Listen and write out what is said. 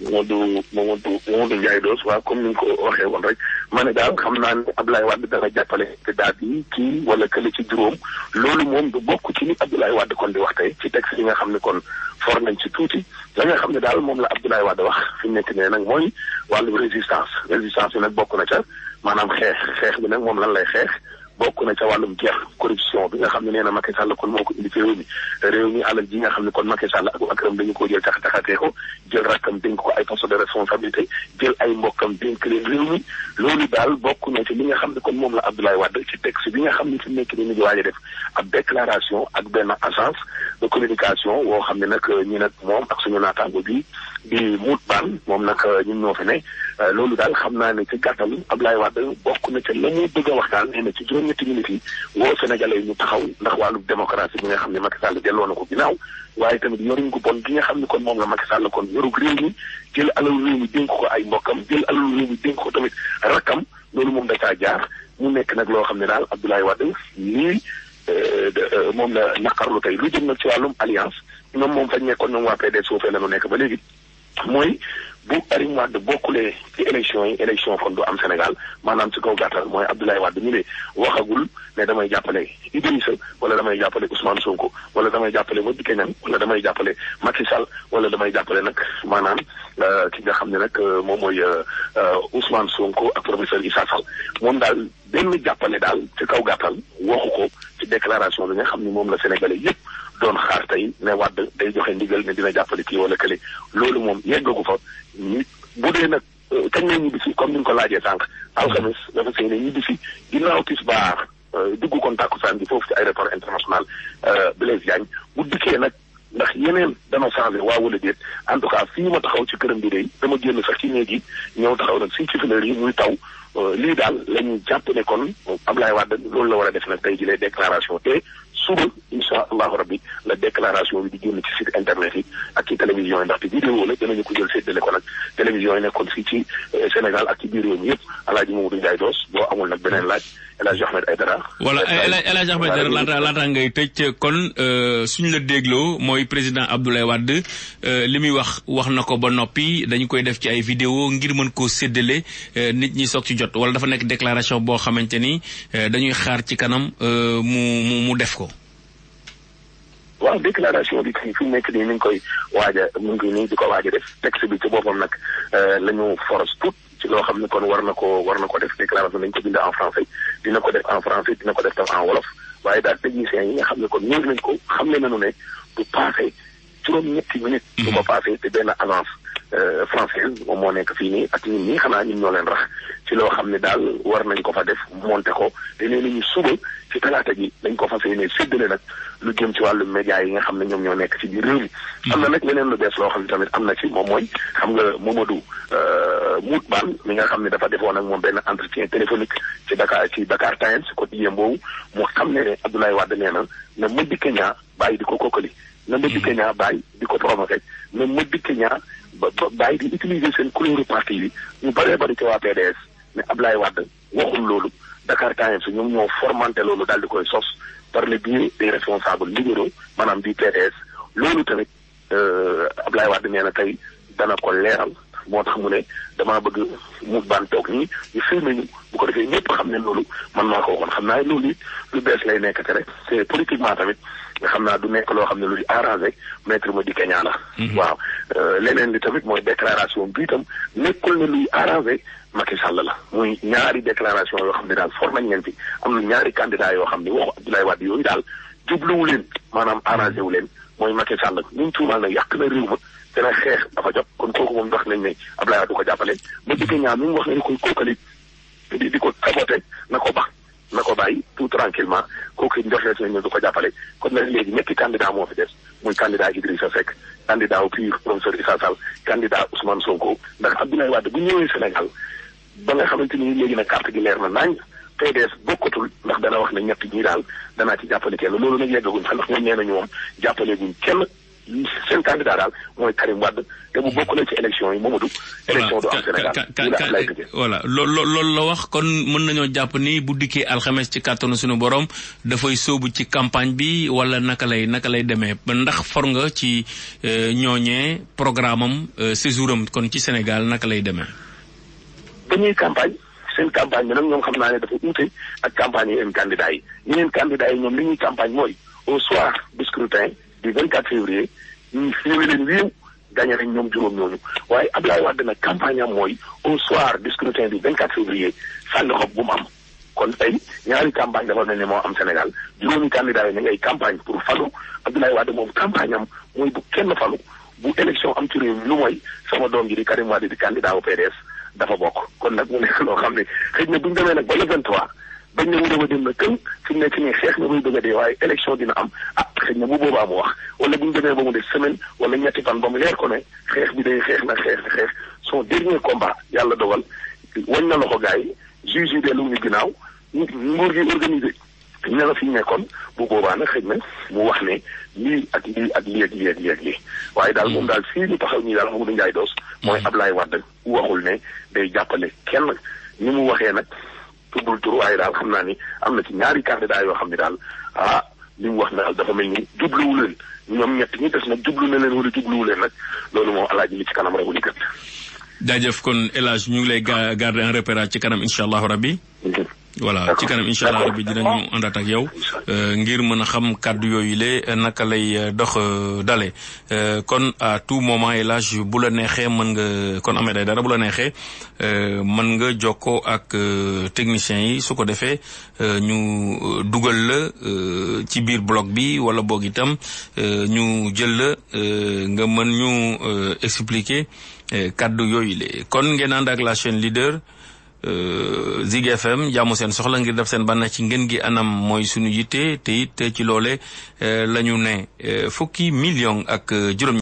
moom Mamadou moom Mamadou Ndiaye Doss waa comme ni nga ko waxee woon rek ma ne daal xam naa ne Abdoulaye Wade dana jàppale te daal bi kii ci juróom loolu moom du bokk ci li Abdoulaye Wade kon di wax tey ci texte yi nga xam ne kon for nañ ci tuuti la nga xam ne daal moom la Abdoulaye Wade wax fi mu nekk nee nag mooy wàllu résistance résistance bi nag bokk na ca maanaam xeex xeex bi nag moom lan lay xeex bokk na ca wàllum jeex corruption bi nga xam ne nee na Macky Sall kon moo ko indi ci réew mi réew mi alal ji nga xam ne kon Macky Sall ak wakaram dañu ko jël tax taxatee ko jël rakkam dénk ko ay poste de responsabilité jël ay mbokkam dénk leen réew mi loolu daal bokk na ci li nga xam ne kon moom la Abdoulaye Wade ci texte bi nga xam ne fi nekk ni ñu ngi waaj a def ab déclaration ak benn agence de communication woo xam ne nag ñi nag moom ak suñu naataango bi di muut baan moom nag euh, ñun ñoo fa ne euh, loolu daal xam naa ne ci gàttal Ablaye Wade bokk na ca la mu bëgg a wax daal na ci juróom-ñetti minutes yi woo Sénégalais yi ñu taxaw ndax wàllu démocratie bi nga xam ne Macky Sall delloo na ko ginnaaw waaye tamit yoruñ ko bon gi nga xam ne kon moom la Macky Sall kon yorug réew mi jël alalu réew mi dénk ko ay mbokkam jël alalu réew mi dénk ko tamit rakkam loolu moom da caa jaar mu nekk nag loo xam ne daal Abdoulaye Wade lii euh, moom la naqarlu tey lu jëm nag ci wàllum alliance ñoom moom fañ nekkoon ñoom waa PDS foofee la ñu nekk ba léegi mooy bu Karim Wade bokkulee ci élection yi élection kon am Sénégal maanaam si kaw gàttal mooy Abdoulaye Wade ñu ne waxagul ne damay jàppale Idrissa wala damay jàppale Ousmane Sonko wala damay jàppale Madické Niang wala damay jàppale Macky Sall wala damay jàppale nag maanaam euh, ki nga xam ni nag euh, moom mooy euh, Ousmane Sonko ak professeur Issa Sall moom daal benn jàppale daal ci kaw gàttal waxu ko ci déclaration bi nga xam ne moom la Sénégalais yëpp. doon xaar tey ne wàdd day joxe ndigal ne dina jàppale kii wala kële loolu moom yeggagu fa bu dee nag euh, kañ la ñibbi si comme ni nga ko laajee sànq mm-hmm. alxames dafa sëy ne ñibbi si ginnaaw tisbaar euh, dugg kon saan bi foofu ci aéroport international euh, Blaise Diagne bu dikkee nag ndax yeneen dana changé waa wala déet en tout cas fii ma taxaw ci këram bi de dama génn sax ci néeg yi ñëw taxaw nag fii ci fleur yi muy taw lii daal la ñu jàpp ne kon Ablaye Wade loolu la war a def nag tey jii lay déclaration te suba incha allahu la déclaration bi ak ci télévision yi ko jël séddale ko nag télévision yi nekkoon fii ci euh, Sénégal ak boo amul nag beneen laaj El Hadj Ahmed Aidara voilà El Hadj Ahmed Aidara laata euh, suñu la dégloo mooy président Abdoulaye Wade euh, li muy wax wax na ko ba noppi dañu koy def ci ay vidéo ngir mën koo séddale nit ñi soog ci jot wala dafa nekk déclaration boo xamante ni dañuy xaar ci kanam mu mu mu def ko waaw déclaration bi kay fi mu nekk nii ñu ngi koy waaj a mu ngi nii di ko waaj a def texte bi ci boppam nag euh, la ñu force tout ci loo xam ne kon war na ko war na ko def déclaration dañu ko bind en français dina ko def en français dina ko def tam en wolof waaye daal techniciens yi nga xam ne kon ñëw nañ ko xam ne nañu ne du passé juróom-ñetti minutes. Mm-hmm. du ko passé te benn avance euh, française moom moo nekk fii nii ak ñun ñii xanaa ñun ñoo leen rax ci loo xam ne daal war nañ ko fa def monté ko te nee nañu suba ci talaata ji dañ ko fas yéene séddale nag. lu jëm ci wàllu média yi nga xam ne ñoom ñoo nekk ci biir réew mi am na nag leneen lu bees loo xam ne tamit am na ci moom mooy xam nga Momadou euh, Mout Bane mi nga xam ne dafa defoon ak moom benn entretien téléphonique ci Dakar ci Dakar Times quotidien boobu mu xam ne ne Abdoulaye Wade nee na na ma dikke ñaa bàyyi di ko kokkali na ma dikke ñaa bàyyi di ko provoqué na ma dikke ñaa ba bàyyi di utiliser seen couleur parti bi ñu bëree bari ci waa PDS mais Abdoulaye Wade waxul loolu Dakar Times ñoom ñoo formanté loolu daal di koy sos par le biais des responsables libéraux maanaam du PDS loolu tamit euh, Ablaye Wade nee na tey dana ko leeral moo tax mu ne damaa bëgg mu baan toog nii ñu filmé ñu bu ko defee ñëpp xam ne loolu man maa ko waxoon xam naa loolu lu bees lay nekkate rek c'est politiquement tamit xam naa du nekk loo xam ne lu di arrangé maître Madické Niang la mhm. waaw euh, leneen li tamit mooy déclaration bi itam nekkul ne luy arrangé Macky Sall la muy ñaari déclaration yoo xam ne daal for nañ leen fi am na ñaari candidat yoo xam ne waxu Abdoulaye Wade yooyu daal jubluwu leen maanaam arrangé wu leen mooy Macky Sall ñu tuumaal nag yàq na réew ma te nag xeex dafa jot kon kooku moom wax nañ ne Abdoulaye Wade du ko jàppale Madické Niang mi mu wax ne koy kookali di di ko saboté na ko bax na ko bàyyi tout tranquillement kooku njortees nañ ne du ko jàppale kon nag léegi ñetti candidat moo fi des muy candidat Idrissa Seck candidat wu PUR professeur Issa Sall candidat Ousmane Sonko ndax Abdoulaye Wade bu ñëwee Sénégal ba nga xamante ni léegi nag carte gi leer na naañ PDS bokkatul ndax dana wax na ñett ñii daal danaa ci jàppale kenn loolu nag yeggaguñ fa ndax ñoom nee nañu moom jàppale guñ kenn seen candidat daal mooy Karim Wade te bu bokk leen ci élection yi Mamadou élection doo am Sénégal voilà loolu la wax kon mën nañoo jàpp ni bu dikkee alxames ci kàttanu suñu borom dafay sóobu ci campagne bi wala naka lay naka lay demee ndax for nga ci euh, ñooñee programme am euh, séjour kon ci Sénégal naka lay demee dañuy campagne seen campagne bi nag ñoom xam naa ne dafa uute ak campagne yi yeneen candidat yi yeneen candidat yi ñoom li ñuy campagne mooy au soir du du 24 février ñu siiwee leen wiiw gagné nañ ñoom juróom ñooñu waaye Abdoulaye Wade nag campagne am mooy au soir du scrutin du 24 février sànni xob bu mu am. kon tey ñaari campagne dafa mel ni moo am Sénégal juróomi candidat yi ñu ngay campagne pour falu Abdoulaye Wade moom campagne am mooy bu kenn falu bu élection am ci lu mooy sama doom ji Karim Wade di candidat au dafa bokk kon nag mu nekk loo xam ne xëy na bu demee nag bañ na mu dama dem na kën fi nekk nii xeex na muy bëgg waaye élection dina am ah xëy na bu boobaa mu wax wala bu ñu demee ba mu def semaine wala ñetti fan ba mu leer ko ne xeex bi day xeex na xeex xeex son dernier combat yàlla dogal wañ na loxo gars yi juge yi dellu ñu ginnaaw nguur gi organisé ne fi ñu nekkoon bu boobaa nag xëy na mu wax ne lii ak lii ak lii ak lii ak lii ak lii waaye daal moom mm. daal fii ñu taxaw ñii daal Mamadou Ndiaye Doss mooy mm. Ablaye Wade ne day jàppale kenn ni mu waxee nag tuddul turu waaye daal xam naa am na ci ñaari candidat yoo xam ne daal ah li mu wax daal dafa mel ni jubluwu leen ñoom ñett ñi des nag jublu na leen wala jubluwu leen nag loolu moom alaaji li ci kanam rek di gën. jaajëf kon El ñu ngi lay garder un repérage ci kanam incha allahu rabbi voilà ci kanam incha allah rabbi dinañu àndaat ak yow euh, ngir mën a xam kàddu yooyu le euh, naka lay euh, dox dale kon à tout moment et l'âge bu la neexee mën nga kon amee day dara bu la neexee mën nga jokkoo ak techniciens yi su ko defee ñu dugal la ci biir bloc bi wala boog itam ñu jël la nga mën ñu expliquer kàddu yooyu le kon ngeen ànd ak la chaîne leader Euh, Zig FM jaamu seen soxla ngir def seen bànneex ci ngeen gi anam mooy suñu yitte te it ci loole euh, la ñu ne euh, fukki million ak juróom